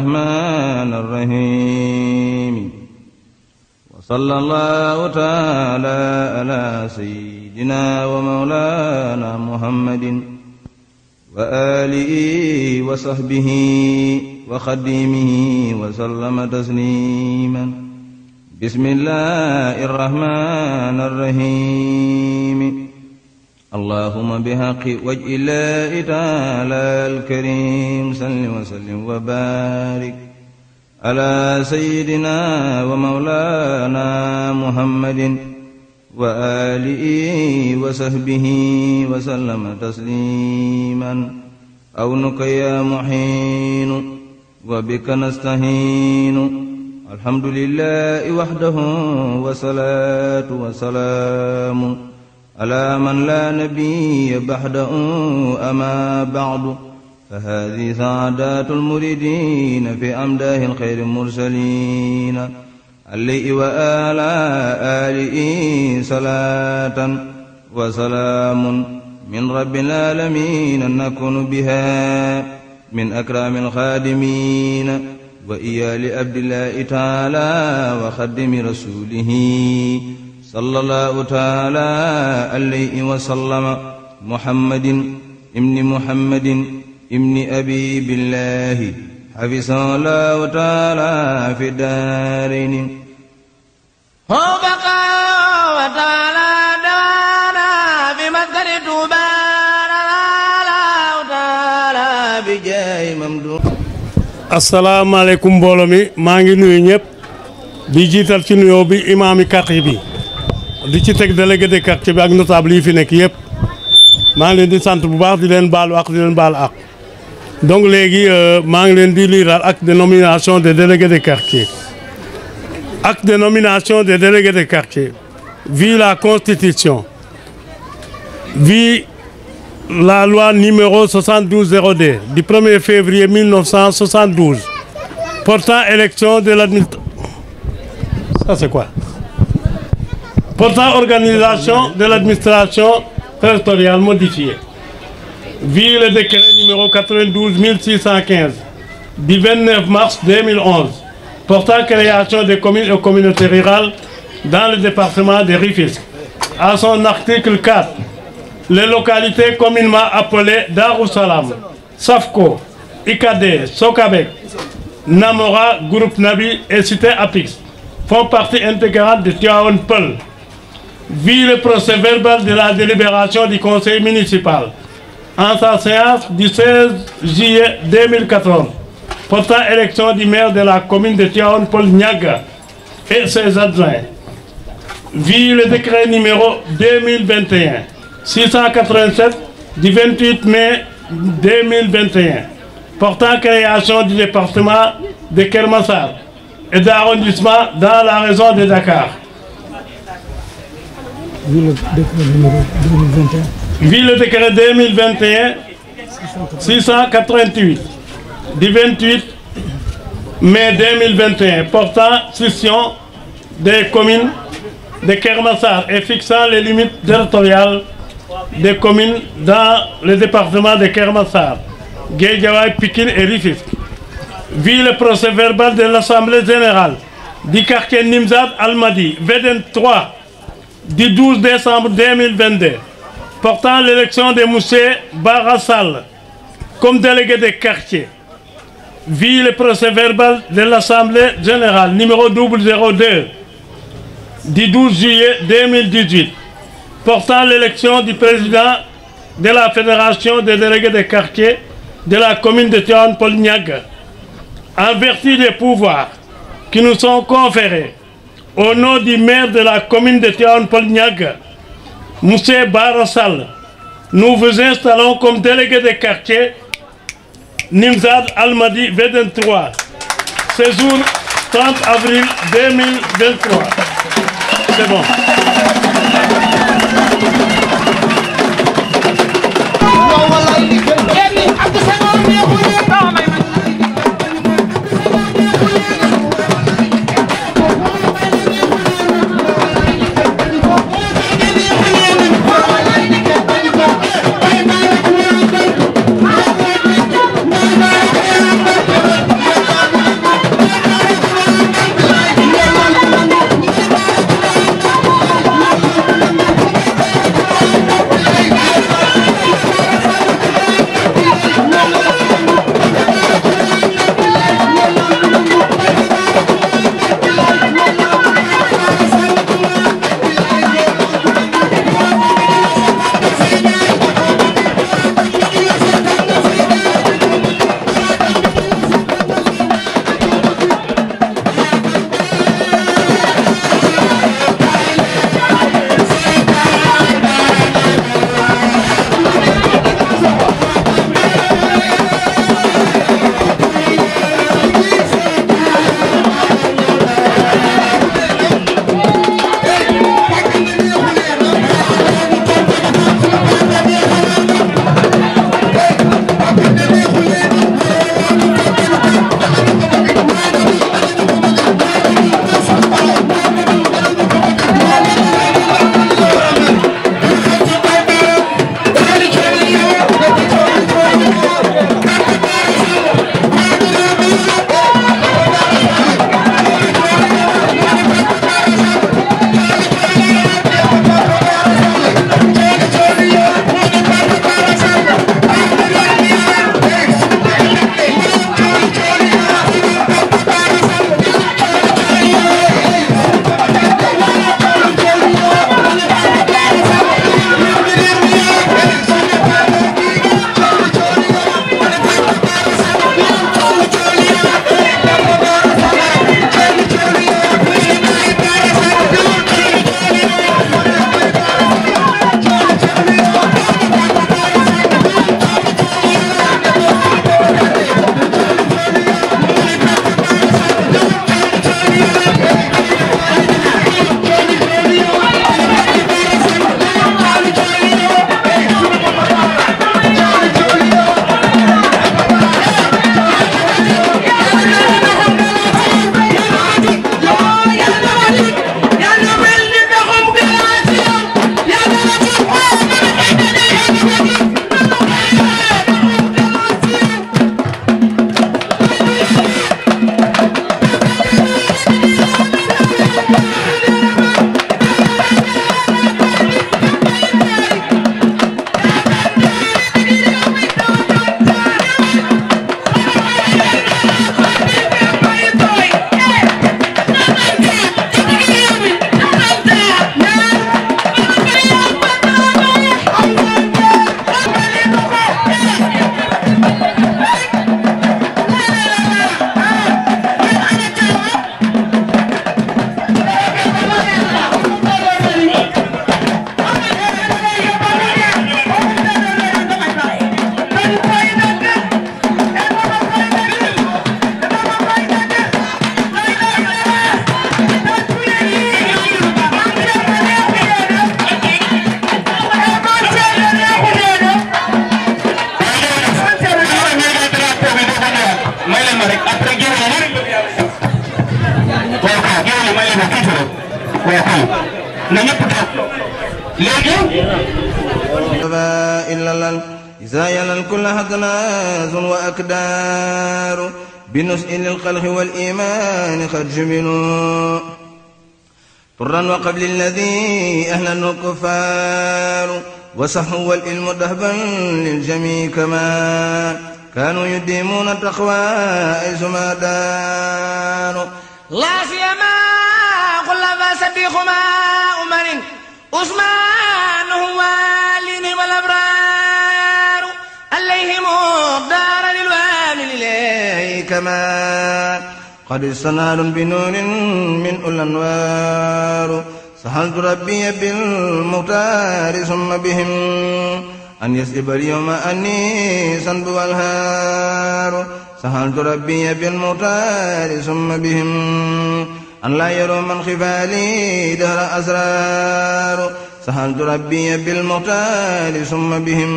الرحمن الرحيم وصلى الله تعالى على سيدنا ومولانا محمد وآله وصحبه وخديمه وسلم تسليما بسم الله الرحمن الرحيم اللهم بحق وجه الله تعالى الكريم صل وسلم وبارك على سيدنا ومولانا محمد وآله وصحبه وسلم تسليما أونك يا محين وبك نستهين الحمد لله وحده وصلاة وسلام ألا من لا نبي بعده أما بعد فهذه سعادات المريدين في أمداه الخير المرسلين اللئ وآل آلئ صلاة وسلام من رب العالمين نكون بها من أكرم الخادمين وإيا لأبد الله تعالى وخدم رسوله صلى الله تعالى عليه وسلم محمد ابن محمد ابن أبي بالله حفظ الله تعالى في دارين هو بقى وتعالى دارا في مسجد توبى تعالى بجاه ممدوح asalaamaaleykum mbooloo mi maa ngi nuyu ñëpp di jiital ci nuyoo délégué de quartier avec notable yi fi Je suis di sant donc les suis euh, ngi acte de nomination des délégués de quartier acte de nomination des délégués de quartier vu la constitution vu la loi numéro 7202 du 1er février 1972 portant élection de l'administration ça c'est quoi portant organisation de l'administration territoriale modifiée. Ville le décret numéro 92 1615 du 29 mars 2011 portant création des communes et communautés rurales dans le département des Rifisques. À son article 4, les localités communément appelées Darussalam, Safko, Ikade, Sokabek, Namora, Groupe Nabi et Cité Apix font partie intégrante de Tiaon Peul, Vu le procès verbal de la délibération du Conseil municipal en sa séance du 16 juillet 2014 portant élection du maire de la commune de Tiaon, Paul Niaga et ses adjoints. Vu le décret numéro 2021 687 du 28 mai 2021 portant création du département de Kermassar et d'arrondissement dans la région de Dakar Ville le décret 2021. 688 du 28 mai 2021 portant scission des communes de Kermassar et fixant les limites territoriales des communes dans le département de Kermassar, Guédiawaï, Pikine et Rifis. Vu le procès verbal de l'Assemblée générale du quartier Nimzad Almadi, 23 23 du 12 décembre 2022 portant l'élection de Moussé Barassal comme délégué des quartiers. vit le procès verbal de l'Assemblée générale numéro 002 du 12 juillet 2018 portant l'élection du président de la Fédération des délégués des quartiers de la commune de Théon-Polignac en vertu des pouvoirs qui nous sont conférés au nom du maire de la commune de Théon-Polignac, M. Barassal, nous vous installons comme délégué de quartier Nimzad Almadi 23, séjour 30 avril 2023. C'est bon. لكن léegi. زايل الكل هكناز وأكدار بنسء للخلق والإيمان قد جملوا طرا وقبل الذي أهل الكفار وصحوا والإلم دهبا للجميع كما كانوا يديمون التقوى إذ ما داروا لا سيما وسبحهما أمر عثمان هو والين والأبرار عليهم الدار للوالي لله كما قد استنار بنور من الأنوار سهلت ربي بالمختار ثم بهم أن يسلب اليوم أني سنب والهار سهلت ربي بالمختار ثم بهم أن لا يروا من خفالي دهر أسرار سهلت ربي بالمختار ثم بهم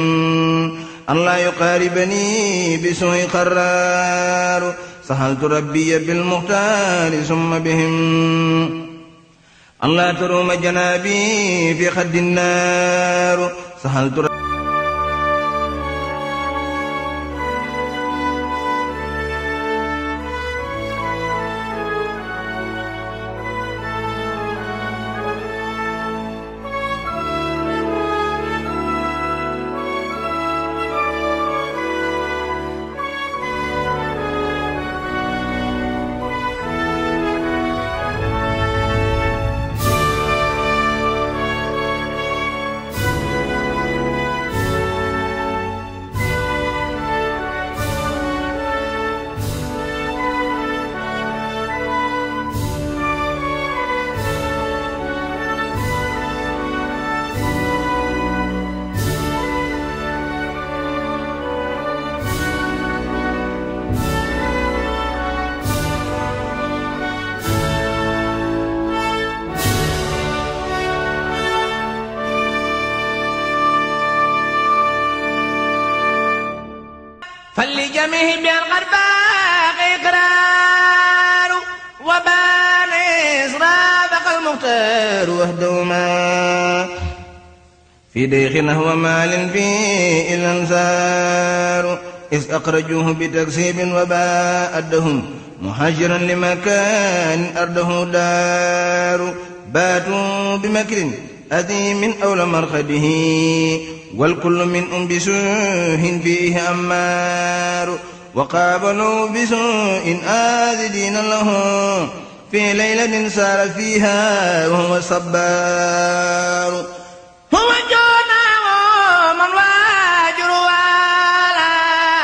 أن لا يقاربني بسوء قرار سهلت ربي بالمختار ثم بهم أن لا تروم جنابي في خد النار سهلت فلجميع بين غرباق إقرار وبان إسرابق المختار وهدوما في ديخ نهو مال فيه الأنصار إذ أخرجوه بتكسيب وباء مهاجرا لمكان أرضه دار باتوا بمكر أذي من أول مرخده والكل من أم بسوه فيه أمار وقابلوا بسوء آذدين له في ليلة سار فيها وهو صبار هو جونا ومن واجر والا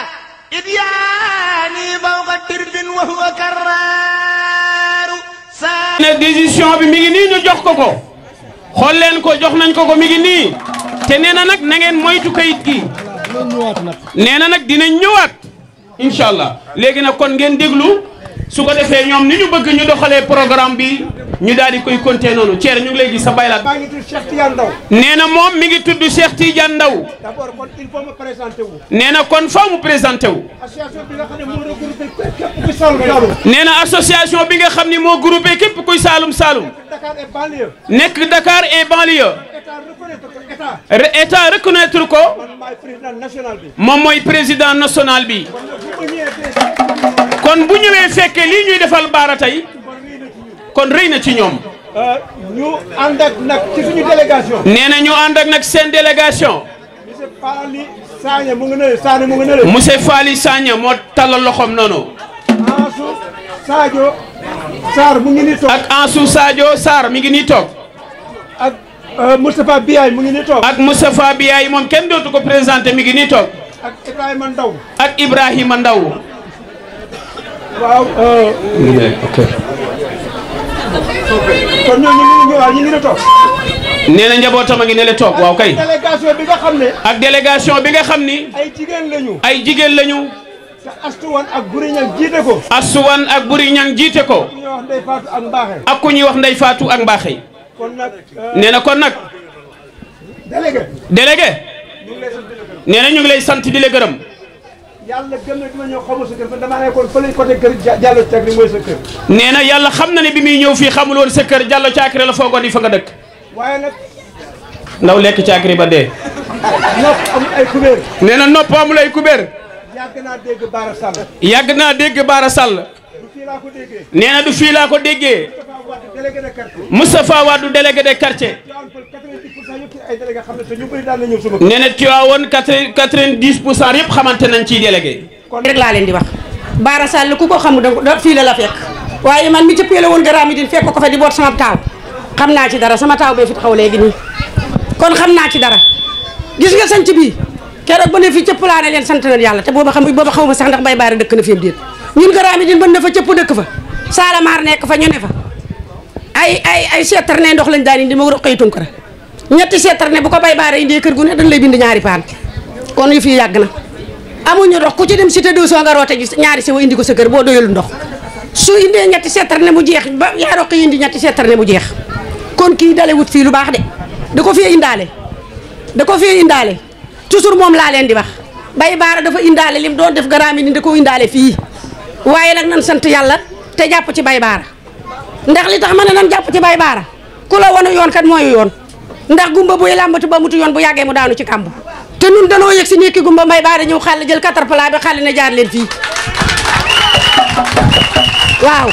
إذ ياني فوق الترد وهو كرار سار ديزيسيون bi mi xool leen ko jox nañ ko ko mi ngi nii te nee na nag na ngeen moytu kayit gi nee na nag dinañ ñëwaat incha allah léegi nag kon ngeen déglu. su ko defee ñoom ni ñu bëgg ñu doxalee programme bi ñu daal di koy compter noonu Thierno ñu ngi lay gis sa baylaat. ngi tudd Cheikh Tidiane nee na moom mi ngi tudd Cheikh Tidiane Ndao. d'abord kon il faut mu nee na kon faaw présenté wu. association bi ne moo regroupé nee na association bi nga xam ni moo groupé képp kuy Saalum Saalum. nekk Dakar et banlieue. nekk Dakar et banlieue. état reconnaître ko. moom mooy président national moom mooy président national bi. kon bu ñëwee fekkee lii ñuy defal baara tey kon rëy na ci ñoom. Euh, ñu ànd ak nag ci suñu délégation. nee na ñu ànd ak nag seen délégation. monsieur Fally Sagna mu ngi nële Sagna mu moo tallal loxoom noonu. Ansou Sadio Sarr mu ngi nii toog. ak Ansou Sadio Sarr mi ngi nii toog. ak euh, Moustapha Biaye mu ngi nii toog. ak Moustapha Biaye moom kenn dootu ko présenté mi ngi nii toog. ak Ibrahima Ndaw. ak Ibrahima Ndaw. ñu ngi kon ñooñu ñu ngi ñu ngi la nee na njabootam a ngi ne la toog waaw kay. ak délégation bi nga xam ne. ak délégation bi xam ni. ay jigéen lañu. ay jigéen lañu. te Astuwan ak Buriñang jiite ko. Astuwan ak Buriñang jiite ko. ak ku ñuy wax Ndey Faatu ak Mbaaxe. ak ku ñuy wax Ndey Faatu ak Mbaaxe. kon nag. Euh, nee na kon nag. délégué. délégué. nee na ñu ngi lay sant di la gërëm. yàlla gëm na bi ma ñëw xamul sa kër damaa na yàlla xam na ne bi muy ñëw fii xamul woon sa kër Diallo Thiakri la foogoon ni fa nga dëkk. waaye nag. ndaw lekk Thiakri ba dee. nopp amul ay na nopp amul ay kubéer. yàgg naa dégg Baara Sall. yàgg naa dégg Baara Sall. nee na du fii déggee. Moustapha Wade délégué de quartier. nee na Tiwaawoon quatre-vingt-dix pour cent yëpp xamante nañ ciy délégué. kon rek laa leen di wax. Baara Sall ku ko xamul da fii la la fekk waaye man mi ca Pelle woon garaam yi ko fa di boot sama taaw xam ci dara sama taaw bee fi taxaw léegi nii kon xam naa ci dara gis nga sanc bii keroog ba ne fi cëpp laa ne leen sant nañ yàlla te booba xam booba xaw sax ndax bay baara dëkk na fi am déet ñun garaam yi na fa cëpp dëkk fa Saalamaar nekk fa ñu ne fa ay ay ay seetar ne ndox lañ daan indi ma roqee tunkara ñetti seetar ne bu ko bay baare indee kër gu ne dañ lay bind ñaari paan kon yu fii yàgg na amuñu ndox ku ci dem cité deux soo nga roote ji ñaari sewa indi ko sa kër boo doyul ndox su indee ñetti seetar ne jeex ba yaa roq yi indi ñetti seetar jeex kon kii dale wut lu baax de da ko fee indaale da ko fee indaale toujours moom laa leen di wax bay baara dafa indaale lim doon def garaami ni da ko indaale fii waaye nag nan sant yàlla te jàpp ci bay baara ndax li tax ma ne nan jàpp ci bay baara ku la wanu yoon kat mooy yoon ndax gumba buy làmbatu ba mutu yoon bu yàggee mu daanu ci kàmb te nun danoo yëg si ñekki gumba mbay baara ñëw xàll jël caterpillar bi xàll na jaar leen fii waaw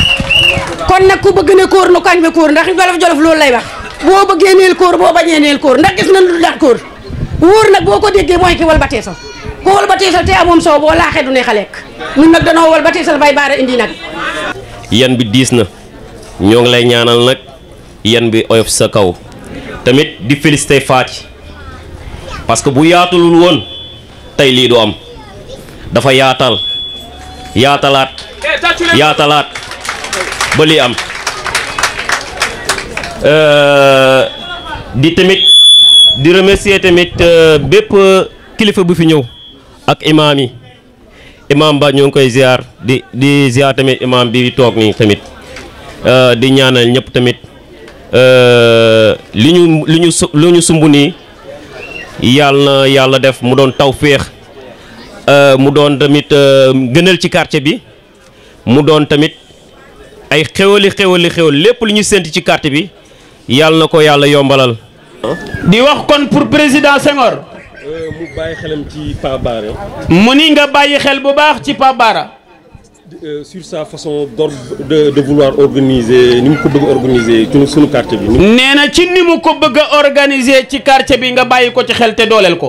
kon nag ku bëgg ne kóor nu kañ bi kóor ndax jolof jolof loolu lay wax boo bëggee neel kóor boo bañee neel kóor ndax gis nañ lu daan kóor wóor nag boo ko déggee mooy ki wal ba teesal ku wal ba teesal te amoon soow boo laaxee du neex a lekk ñun nag danoo wal ba teesal bay baara indi nag bi diis na ngi lay ñaanal nag yan sa kaw tamit di félicité Faty parce que bu yaatulul woon tey lii du am dafa yaatal yaatalaat yaatalaat ba lii am euh, di tamit di remercier tamit euh, bépp kilifa bu fi ñëw ak imaam yi imaam ba ñoo ngi koy ziar di di ziar tamit imaam bi toog nii tamit euh, di ñaanal ñëpp tamit Euh, li ñu li ñu su ñu sumb nii yàlla yàlla def mu doon tawféex euh, mu doon tamit euh, gënal ci quartier bi mu doon tamit ay xéwali xéwali xéwal lépp lu ñu sént ci quartier bi yàlla na ko yàlla yombalal. di wax kon pour président Senghor. mu bàyyi xelam ci Pape mu ni nga bàyyi xel bu baax ci Pape Euh, sur sa façon de de vouloir organiser ni mu ko bëgg a organiser ci suñu quartier bi. nee na ci ni mu ko bëgg a organiser ci quartier bi nga bàyyi ko ci xel te dooleel ko.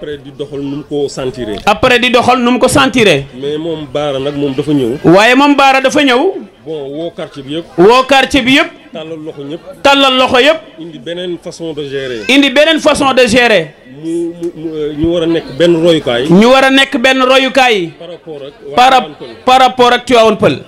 après di doxal nu mu ko sentiree. après di doxal nu mu ko sentiree. mais moom Baara nag moom dafa ñëw. waaye moom Baara dafa ñëw. bon woo quartier bi yëpp. woo quartier bi yëpp. tàllal loxo ñëpp. tàllal loxo yëpp. indi beneen façon de gérer. indi beneen façon de gérer. ñu ñu war a nekk benn royukaay. ñu war a nekk benn royukaay. par rapport ak par rapport ak Tivaouane Pël.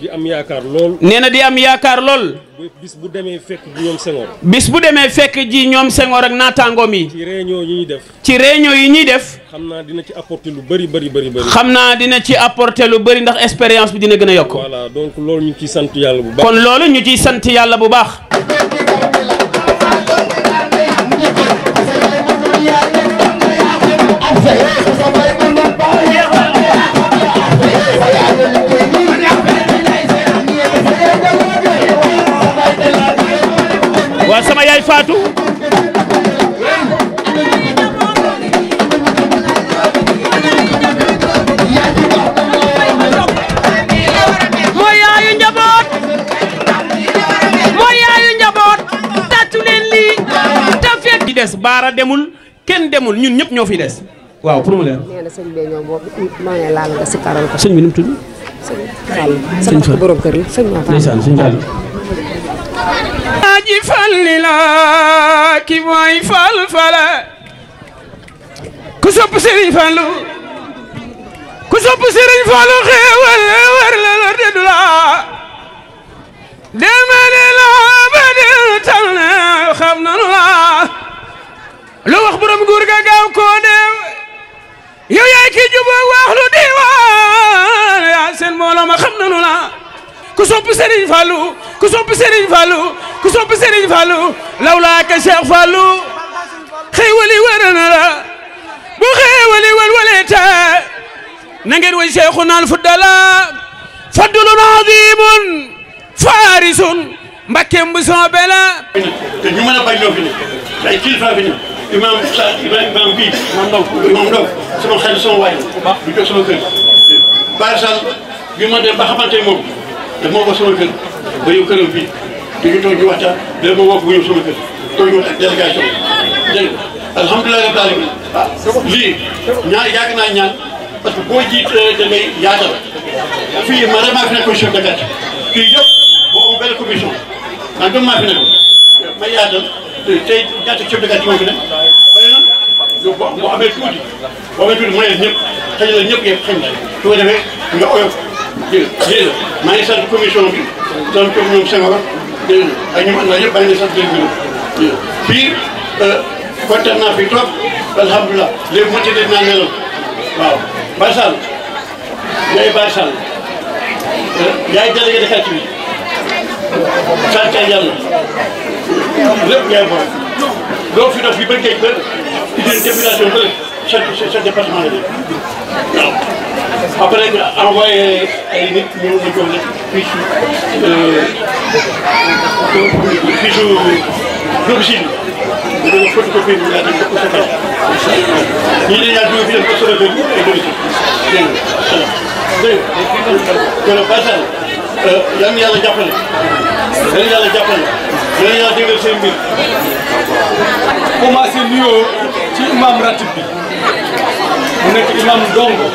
di am yaakaar lool. nee na di am yaakaar lool. bis bu demee fekk ji ñoom Senghor. bis bu demee fekk ji ñoom Senghor ak naataangoom yi. ci réunion yi ñuy def. ci réunion yi ñuy def. xam naa dina ci apporter lu bëri bëri bëri bëri. xam naa dina ci apporter lu bari ndax expérience bi dina gën a yokk. voilà donc loolu ñu ciy sant yàlla bu baax. kon loolu ñu ciy sant yàlla bu baax. waa sama yaay Fatou mooy yaayu njaboot mooy yaayu njaboot tàccu leen lii te di des baara demul kenn demul ñun ñëpp ñoo fi des. waaw pour mu leer. nee bi ñoom boo noonee laal nga si karal fal li la ki mooy fal fala ku sopp Serigne Fallou ku sopp Serigne Fallou xéewal war la lor de du la la ba del tal xam nanu la lu wax borom nguur ga gaaw koo de ku sopp Serigne Fallou ku sopp Serigne Fallou ku sopp Serigne Fallou lawlaa ka Cheikh Fallou xéewali wër na la bu xéewali wal waleta na ngeen way Cheikhuna al Fudala fadlun azimun la te ñu mën a bañ ñoo fi ne ay kilifa fi ne imam sa imam bi imam ndaw imam ndaw sama xel sama waay du jox sama kër barsal moom dama woo sama kër ba ñëw këram fii te ñu toog ñu waxtaan dina ma woo ko ba ñëw sama kër toog ñu waxtaan délégation dégg nga alhamdulilah rabbil alamin ah lii ñaan yàgg naa ñaan parce que boo jiit da ngay yaatal fii man damaa fi nekkoon chef de quartier fii yëpp boo am benn commission man dama maa fi nekkoon ma yaatal tey ñaata chef de quartier moo fi nekk bëri na yow boo amee tuuti boo amee tuuti mooy ñëpp xëy na ñëpp yëpp xëy na su ko defee nga oyof dégg nga maa ngi sant commission bi sant ko ñoom Senghor dégg nga ak ñoom àndal yëpp maa ngi sant leen gërëm euh, naa fi trop alhamdulilah léegi moo ci des naa nelaw waaw Baye Sall yaay Baye Sall euh, yaay délégué de quartier bi sant yàlla lépp yaay borom doo fi dox fi ba géej ba identification ba sa sa département la waaw après ñu envoyé ay nit ñu ñu ko fiche fiche ñu doon photocopie ñu daal di ko sauvé ñii dañu ci imam ratib bi mu nekk imam dongo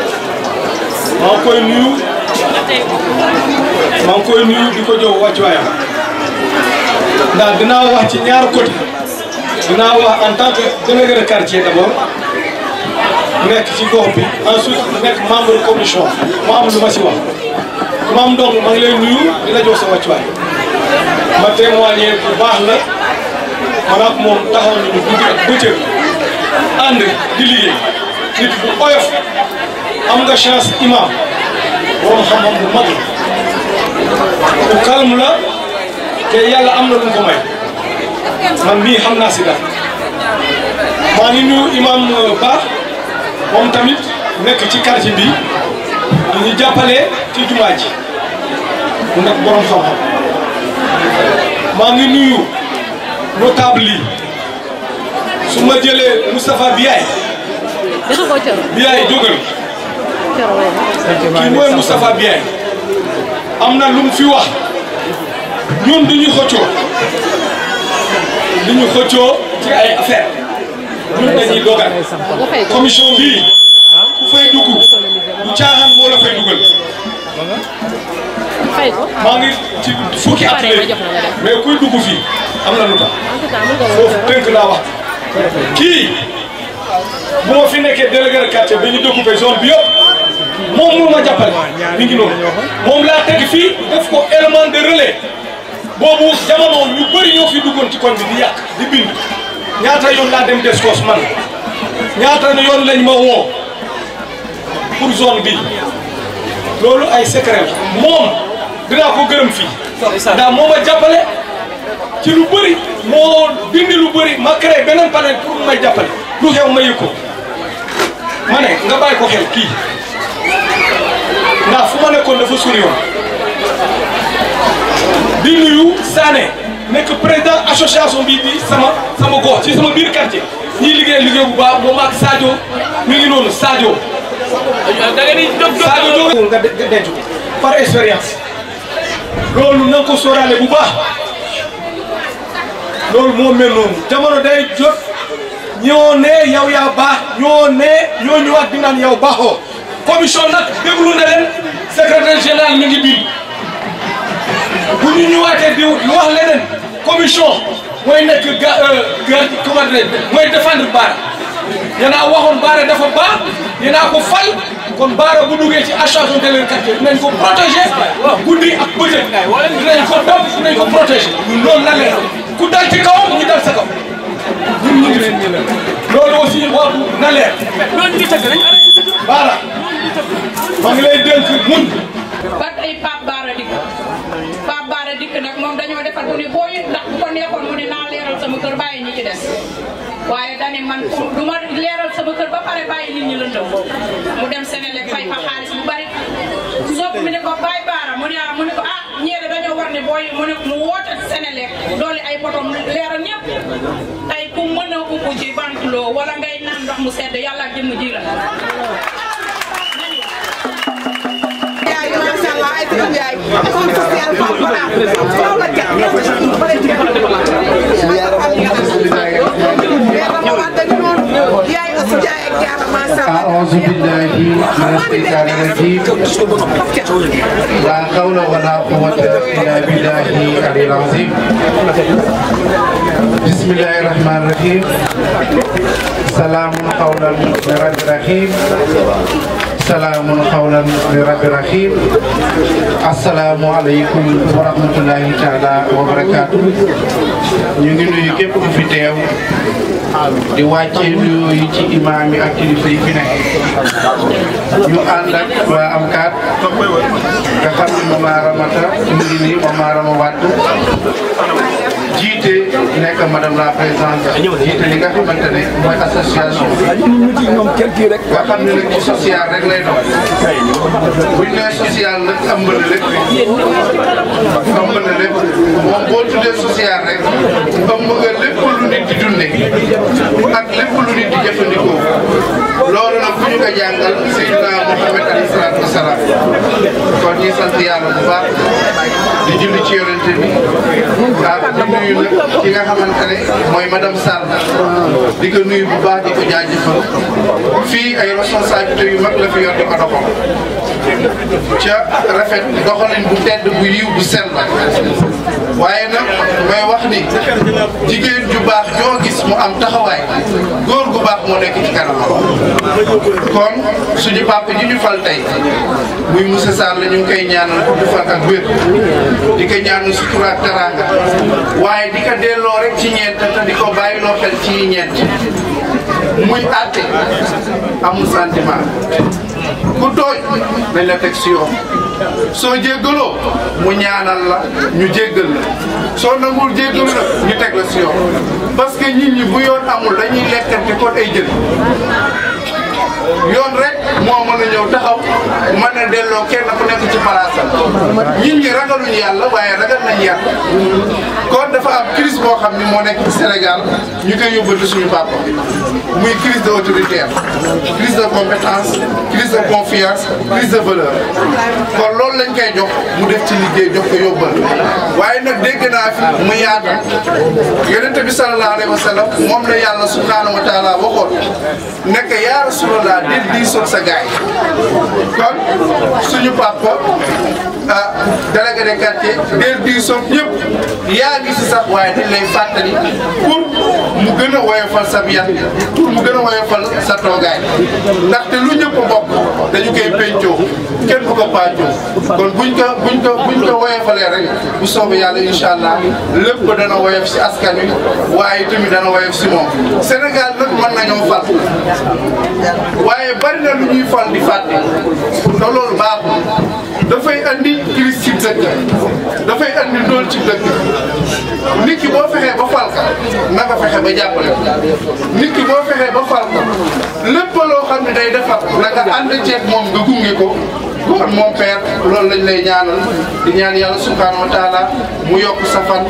maa ngi koy nuyu maa ngi koy nuyu di ko jox wàccuwaayam wax ci ñaar côté dinaa wax en tant que délégué de quartier d'abord nekk ci gox bi ensuite nekk membre commission mu am lu ma si wax ma am donc ma ngi lay nuyu di la jox sa wàccuwaay ma témoigner bu baax la man ak moom taxaw nañu guddi ak bëccëg ànd di liggéey nit bu oyof am nga chance imam borom xam-xam bu mag bu calme la te yàlla am na lu ko may man mii xam naa si daal maa ngi nuyu imam euh, Ba moom tamit nekk ci quartier bi di ñu jàppale ci jumaa ji mu nekk borom xam-xam maa ngi nuyu notable yi su ma jëlee Moustapha Biaye Biaye jógal kii mooy Moustapha Dieng am na lu fi wax ñun du ñu xëccoo du ñu xëccoo ci ay affaire ñun dañuy dogal commission bii ku fay dugg du caaxaan moo la fay dugal maa ngi ci fukki at léegi mais kuy dugg fii am na lu tax foofu tënk laa wax kii bu ma fi nekkee délégué de quartier bi ñu fe zone bi yëpp moom moo ma jàppale mi ngi noonu moom laa teg fii def ko élément de relais boobu jamono ñu bëri ñoo fi duggoon ci koñ bi di yàq di bind ñaata yoon laa dem Descos man ñaata yoon lañ ma woo pour zone bi loolu ay secret moom dinaa ko gërëm fii ndax moo ma jàppale ci lu bëri moo bindi lu bëri ma créé beneen panel pour ma may jàppale lu xew ma yëg ko ma ne nga bàyyi ko xel kii ndax fu ma nekkoon dafa sori woon di nuyu Sané nekk président association bi sama sama gox ci sama biir quartier ñuy liggéey liggéey bu baax moom ak Sadio mi ngi noonu nga ni jóg denc par expérience loolu na nga ko sóoraale bu baax loolu moo mel noonu jamono day jot ñoo ne yow yaa baax ñoo ne ñoo ñëwaat di naan yow baaxoo commission nag déglu na secrétaire général mi ngi biir bu ñu ñëwaatee di wax leneen commission mooy nekk ga euh, ga comment mooy défendre Baara yéena waxoon Baara dafa baax yéena ko fal kon Baara bu duggee ci association délégué quartier dinañ ko protéger guddi ak bëccëg dinañ ko dom dinañ ko protéger loolu la leen ku dal ci kawam ñu dal sa kaw ñu ngi leen ma ngi lay dénk muñ ba tey Bara dikk Pape Bara dikk nag moom ndax bu ko mu sama kër bàyyi ñi ci des waaye dani man du sama kër ba pare bàyyi nit ñi lëndëm mu dem Sénélec fay fa xaalis bu bari sopp mi ne ko Baye Bara mu ne mu ko ah ñeere dañoo war ne booy mu ne mu woote Sénélec doole ay botom leeral ñëpp tey ku mën ci wala ngay ndox mu sedd ji la أعوذ بالله من الشيطان الرجيم لا حول ولا قوة إلا بالله العلي العظيم بسم الله الرحمن الرحيم سلام قولا من رب الرحيم salaamun xawlan min rabbi rahim asalaamu aleykum wa rahmatullahi taala wa barakaatu ñu ngi nuyu képp ku fi teew di wàccee nuyoo yi ci imaam yi ak kilifa yi fi nekk ñu ànd ak waa am kaat nga xam ne mama ramata mu ngi nii mama rama wàttu jiite nekk madame la présidente jiite li nga xamante ne mooy association. ñoom quelques rek. nga xam ne nag ci social rek lay doon. buñ nee social nag ëmb na lépp. ëmb na lépp moom boo tuddee social rek ëmb nga lépp lu nit di dundee ak lépp lu nit di jëfandikoo loolu nag bu ñu ko jàngal Seydina Mouhamed Alisa. salaam kon ñuy sant yàlla bu baax di julli ci yorente bi ah di nuyu nag ki nga xamante ne mooy madame Sarr di ko nuyu bu baax di ko jaajëfal fii ay responsabilité yu mag la fi yor di ko ca rafet doxalin bu tedd bu yiw bu sell waaye nag may wax ni jigéen ju baax joo gis mu am taxawaay góor gu baax moo nekk ci kanam kon suñu papa ji ñu fal muy Moussa Sarr la ñu ngi koy ñaanal ku fan ak wér di ko ñaanal sutura ak waaye di ko delloo rek ci ñeent te di ko bàyyiloo xel ci ñeent muy àtte amul sentiment ku tooñ dañ la teg si soo jéggaloo mu ñaanal la ñu jéggal la soo nangul jéggalu la ñu teg la si yoon parce que nit ñi bu yoon amul dañuy lekkante kon ay jël yoon rek moo mën a ñëw taxaw mën a delloo kenn ku nekk ci palaasam nit ñi ragaluñu yàlla waaye ragal nañu yàlla kon dafa am crise boo xam ni moo nekk ci Sénégal ñu koy yóbbante suñu papa muy crise de autoritaire crise de compétence crise de confiance crise de valeur kon loolu lañ koy jox mu def ci liggéey jox ko yóbbal waaye nag dégg naa fi mu yàgga yonente bi sallallahu alayhi moom la yàlla subhanahu wa taala waxoon nekk yaa rasul Rasulullah di diisoo sa gaay kon suñu papa ah délégué de quartier del diisoo ñëpp yaa ngi sax waaye dañ lay fàttali pour mu gën a woyofal sa yàq pour mu gën a woyofal sa toogaay ndaxte lu ñëpp bokk dañu koy pencoo kenn du ko paajoo kon buñ ko buñ ko buñ ko woyofalee rek bu soobee yàlla incha allah lépp dana woyof si askan wi waaye tamit dana woyof si moom Sénégal nag mën nañoo fal. waaye bari na lu ñuy fal di fàtte te loolu baaxul dafay andi crise ci dëkk dafay andi ndóol ci dëkk nit ki boo fexee ba fal ka na nga fexe ba jàppale nit boo fexee ba fal ka loo xam ne day defar na nga ànd ceeg moom nga gunge ko kon mon père loolu lañ lay ñaanal di ñaan yàlla subhanahu wa taala mu yokk sa fan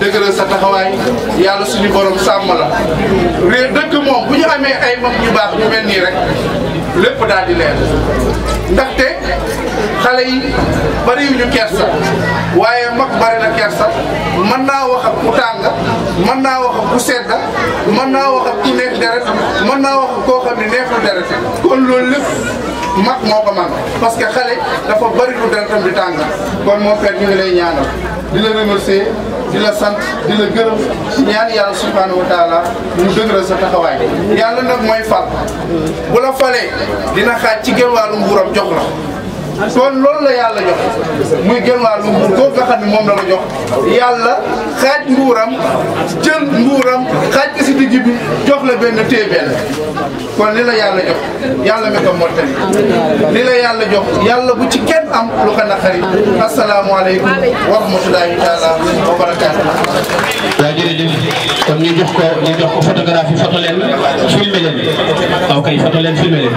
dëgëral sa taxawaay yàlla suñu borom sàmm la réer dëkk moom bu ñu amee ay mag ñu baax ñu mel nii rek lépp daal di leer ndaxte xale yi bariwuñu kersa waaye mag bari na kersa mën naa wax ak ku tàng mën naa wax ak ku sedd mën naa wax ak ku neex deret mën naa wax ak koo xam ne neexul deret kon loolu lépp mag moo ko man parce que xale dafa bari lu deretam di tàng kon moo feet ñu ngi lay ñaanal di la remercier di la sant di la gërëm ci ñaan yàlla subhaanahu wa taala mu dëgëral sa taxawaay yàlla nag mooy fal bu la falee dina xaaj ci genn wàllu nguuram jox la kon loolu la yàlla jox muy gënwaalu nguur koo nga xam moom la la jox yàlla xaaj nguuram jël nguuram xaaj ko si digg bi jox la benn téebeel kon li la yàlla jox yàlla yàlla jox yàlla bu ci kenn am lu ko naqari asalaamaaleykum wa rahmatulahi taala wa barakaatu waaw jërëjëf kon ñu jox ko ñu jox ko photographie photo leen filmé leen waaw kay photo leen filmé leen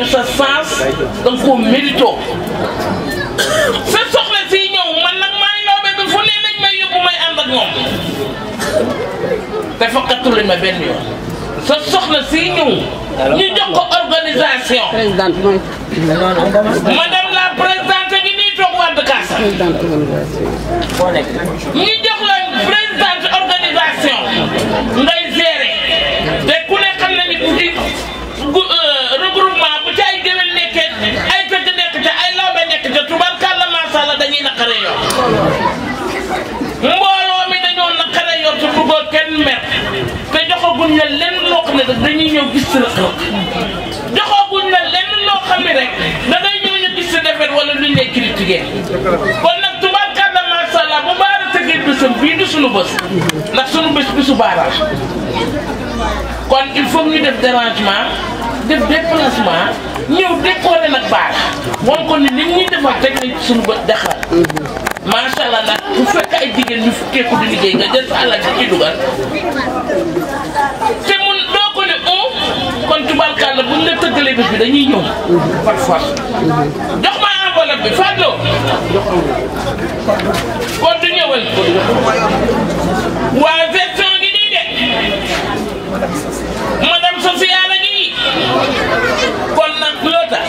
de sa sens da nga koo mérito sa soxla si ñëw man nag maay loobe bi fu ne lañ may yóbbu may ànd ak ñoom te fokkatu lañ ma benn yoon sa soxla si ñëw ñu jox ko organisation madame la présidente gi nii toog wàdd kaasa ñu jox la présidente organisation ngay naqare yor mbooloo mi dañoo naqare yor te bëggoo kenn mer la lenn loo xam ne rek dañuy ñëw gis ci rëq-rëq joxaguñ la lenn loo xam ne rek da ngay ñëw ñu gis ci defet wala luñ lay critiquer kon nag tubaarkàlla macha allah bu baara tëggee bésam bii du sunu bés ndax sunu bés bi su baara kon il faut ñu def dérangement. def déplacement ñëw décoré nag baax wan ko ni li ñuy defal teg nañ ci suñu bët dexal. macha allah nag bu fekk ay jigéen ñu fukkee ko di liggéey nga jël sa alal ci te mun doo ko ne oo oh, kon tubarkalla buñ la tëggalee bés bi dañuy ñëw. par force jox ma enveloppe bi fàttaloo. kon du ñëwal. kon nag loo tax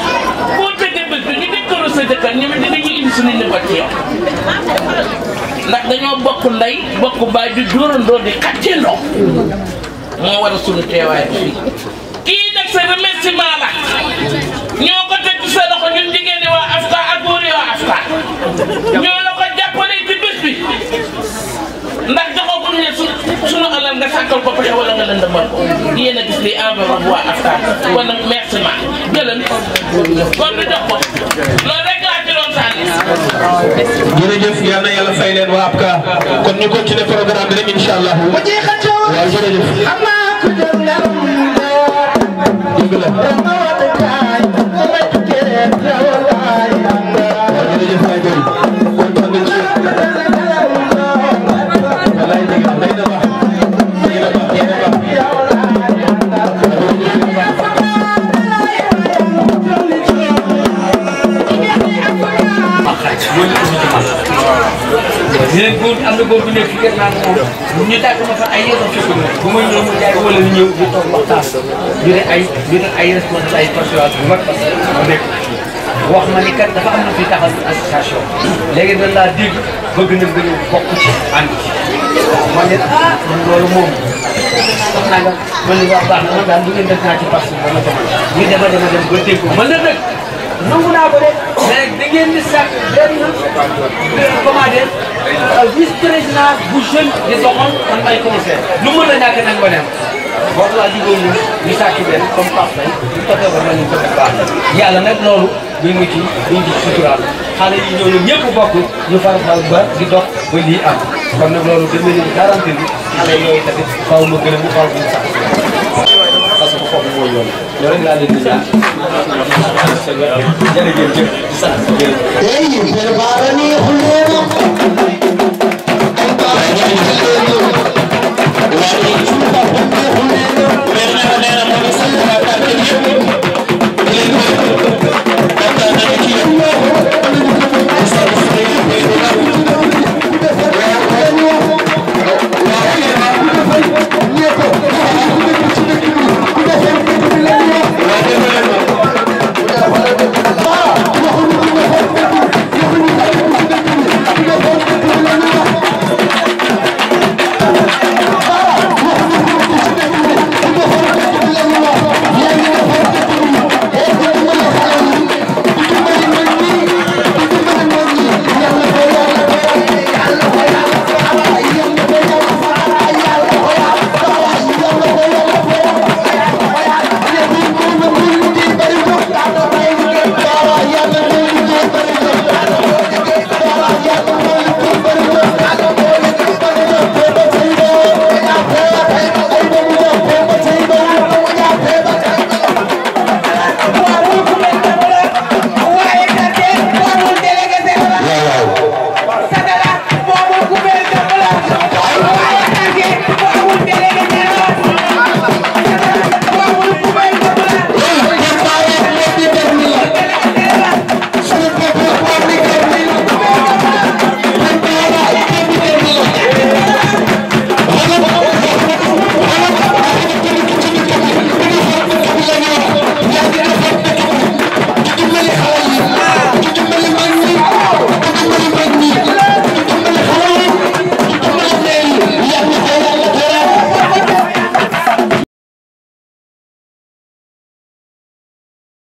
boo tëggee bés bi ñu dëkkalu sa jëkkër ñoom it dañuy indi suñu njaboot ci yow ndax dañoo bokk ndey bokk baay di dóorandoo di xàccandoo moo war a suñu teewaay kii nag sa remerciement la ñoo ko teg sa loxo ñun jigéen ñi waa AFCA ak waa AFCA ñoo la ko jàppale ci bi. ne sunu alal nga sàkkal bopp yow wala nga lëndëmal ko yéen a gis lii envers wax waa Aftar wala merci ma jëlal kon du jox ko loolu rek laa ci doon sànni. jërëjëf yal na yàlla fay leen waa APCA kon ñu continuer programme bi rek incha allah. waaw jërëjëf. dëgg la. kër naa moom ñu tàgg ma fa ay yéen a fukki bu ma ñëw mu jaay wala ñëw ñu toog waxtaan ñu ne ay ñu ne ay responsable ay personnels bu mag parce que mu nekk wax ma ni kat dafa am na fi taxal association léegi dañ laa dégg bëgg na nga ñëw bokk ci ànd ci ma ne ah man loolu moom wax naa nga man li wax baax na man daal lu ngeen def naa ci parce que dama demal ñu dema dema dem ba dégg ko man la nag nangu naa ko de mais da ngeen di sàkk benn benn commandé Euh, vice président bu jeune di doxal am ay conseil lu mën a ñàkk nag ba dem boobu laa jugee ñun ñu sàcc benn comme Pape Faye ñu ko defal ma ñu ko def baax yàlla nag loolu duñ ci duñ ci suturaal xale yi ñooñu di dox ba am kon nag loolu demee nañu garanti bi xale yooyu tamit faaw ma gën a mu faaw ñu sax parce que foofu mooy yoon loolu rek laa leen di ñaan jërëjëf jëf di sant jërëjëf Thank you.